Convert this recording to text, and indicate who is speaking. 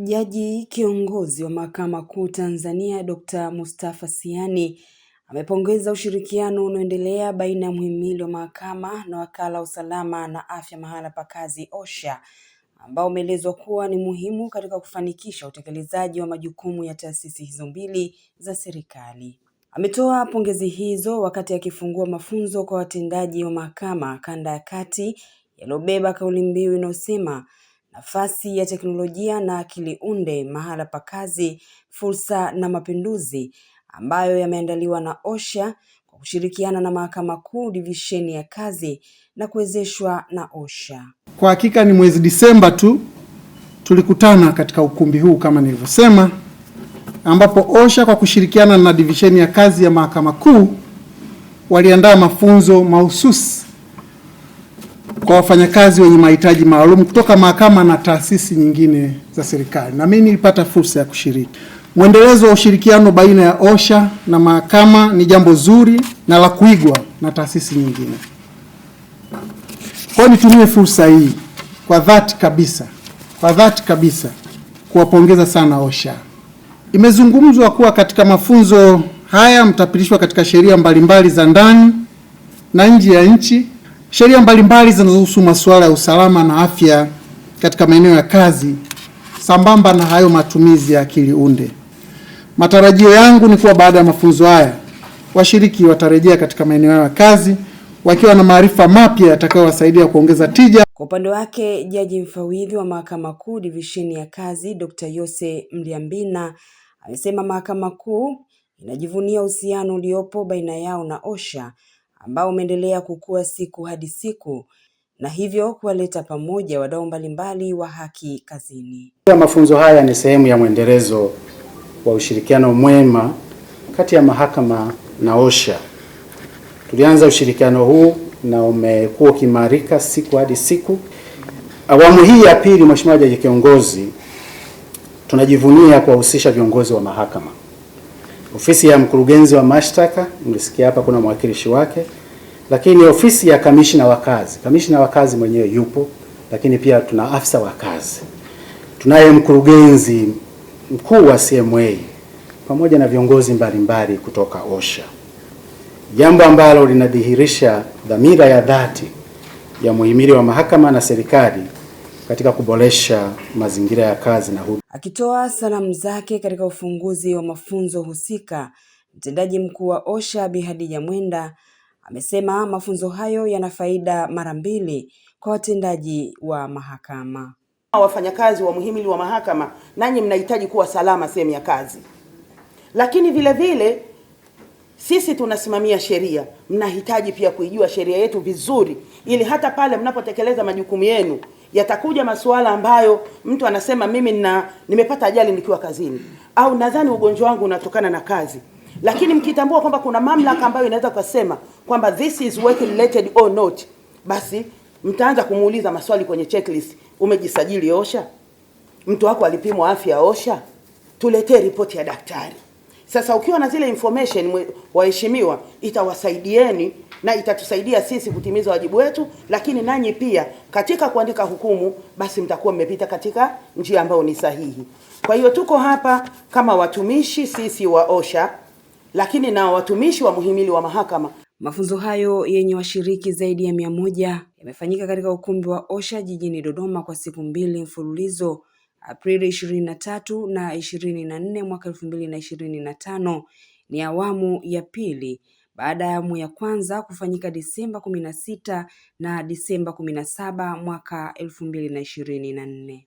Speaker 1: Jaji kiongozi wa Mahakama Kuu Tanzania Dr. Mustafa Siani amepongeza ushirikiano unaoendelea baina ya muhimili wa mahakama na wakala wa usalama na afya mahala pa kazi OSHA ambao umeelezwa kuwa ni muhimu katika kufanikisha utekelezaji wa majukumu ya taasisi hizo mbili za serikali. Ametoa pongezi hizo wakati akifungua mafunzo kwa watendaji wa mahakama kanda ya kati yaliyobeba kauli mbiu inayosema nafasi ya teknolojia na akili unde mahala pa kazi, fursa na mapinduzi, ambayo yameandaliwa na OSHA kwa kushirikiana na Mahakama Kuu divisheni ya kazi na kuwezeshwa na OSHA.
Speaker 2: Kwa hakika ni mwezi Disemba tu tulikutana katika ukumbi huu kama nilivyosema, ambapo OSHA kwa kushirikiana na divisheni ya kazi ya Mahakama Kuu waliandaa mafunzo mahususi kwa wafanyakazi wenye mahitaji maalum kutoka mahakama na taasisi nyingine za serikali, na mimi nilipata fursa ya kushiriki. Mwendelezo wa ushirikiano baina ya OSHA na mahakama ni jambo zuri na la kuigwa na taasisi nyingine. Kwa nitumie fursa hii kwa dhati kabisa, kwa dhati kabisa kuwapongeza sana OSHA. Imezungumzwa kuwa katika mafunzo haya mtapitishwa katika sheria mbalimbali za ndani na nje ya nchi Sheria mbalimbali zinazohusu masuala ya usalama na afya katika maeneo ya kazi sambamba na hayo matumizi ya akili unde. Matarajio yangu ni kuwa baada ya mafunzo haya washiriki watarejea katika maeneo yao ya kazi wakiwa na maarifa mapya yatakayowasaidia kuongeza tija.
Speaker 1: Kwa upande wake, jaji mfawidhi wa Mahakama Kuu divisheni ya kazi Dr. Yose Mliambina amesema Mahakama Kuu inajivunia uhusiano uliopo baina yao na OSHA ambao umeendelea kukua siku hadi siku na hivyo kuwaleta pamoja wadau mbalimbali wa haki kazini.
Speaker 2: Mafunzo haya ni sehemu ya mwendelezo wa ushirikiano mwema kati ya mahakama na OSHA. Tulianza ushirikiano huu na umekuwa ukimarika siku hadi siku. Awamu hii ya pili, Mheshimiwa Jaji Kiongozi, tunajivunia kuwahusisha viongozi wa mahakama ofisi ya mkurugenzi wa mashtaka, mlisikia hapa kuna mwakilishi wake, lakini ofisi ya kamishina wa kazi, kamishina wa kazi mwenyewe yupo, lakini pia tuna afisa wa kazi, tunaye mkurugenzi mkuu wa CMA pamoja na viongozi mbalimbali mbali kutoka OSHA, jambo ambalo linadhihirisha dhamira ya dhati ya muhimili wa mahakama na serikali katika kuboresha mazingira ya kazi na huduma.
Speaker 1: Akitoa salamu zake katika ufunguzi wa mafunzo husika, mtendaji mkuu wa OSHA Bi Hadija Mwenda amesema mafunzo hayo yana faida mara mbili kwa watendaji wa mahakama.
Speaker 3: Wafanyakazi wa muhimili wa mahakama, nanyi mnahitaji kuwa salama sehemu ya kazi, lakini vile vile sisi tunasimamia sheria, mnahitaji pia kuijua sheria yetu vizuri, ili hata pale mnapotekeleza majukumu yenu yatakuja masuala ambayo mtu anasema mimi na, nimepata ajali nikiwa kazini au nadhani ugonjwa wangu unatokana na kazi, lakini mkitambua kwamba kuna mamlaka ambayo inaweza kusema kwamba this is work related or not, basi mtaanza kumuuliza maswali kwenye checklist. Umejisajili OSHA? Mtu wako alipimwa afya OSHA? Tuletee ripoti ya daktari. Sasa ukiwa na zile information, waheshimiwa, itawasaidieni na itatusaidia sisi kutimiza wajibu wetu, lakini nanyi pia katika kuandika hukumu, basi mtakuwa mmepita katika njia ambayo ni sahihi. Kwa hiyo tuko hapa kama watumishi sisi wa OSHA, lakini na watumishi wa muhimili wa mahakama.
Speaker 1: Mafunzo hayo yenye washiriki zaidi ya mia moja yamefanyika katika ukumbi wa OSHA jijini Dodoma kwa siku mbili mfululizo Aprili ishirini na tatu na ishirini na nne mwaka elfu mbili na ishirini na tano ni awamu ya pili baada ya awamu ya kwanza kufanyika Disemba kumi na sita na Disemba kumi na saba mwaka elfu mbili na ishirini na nne.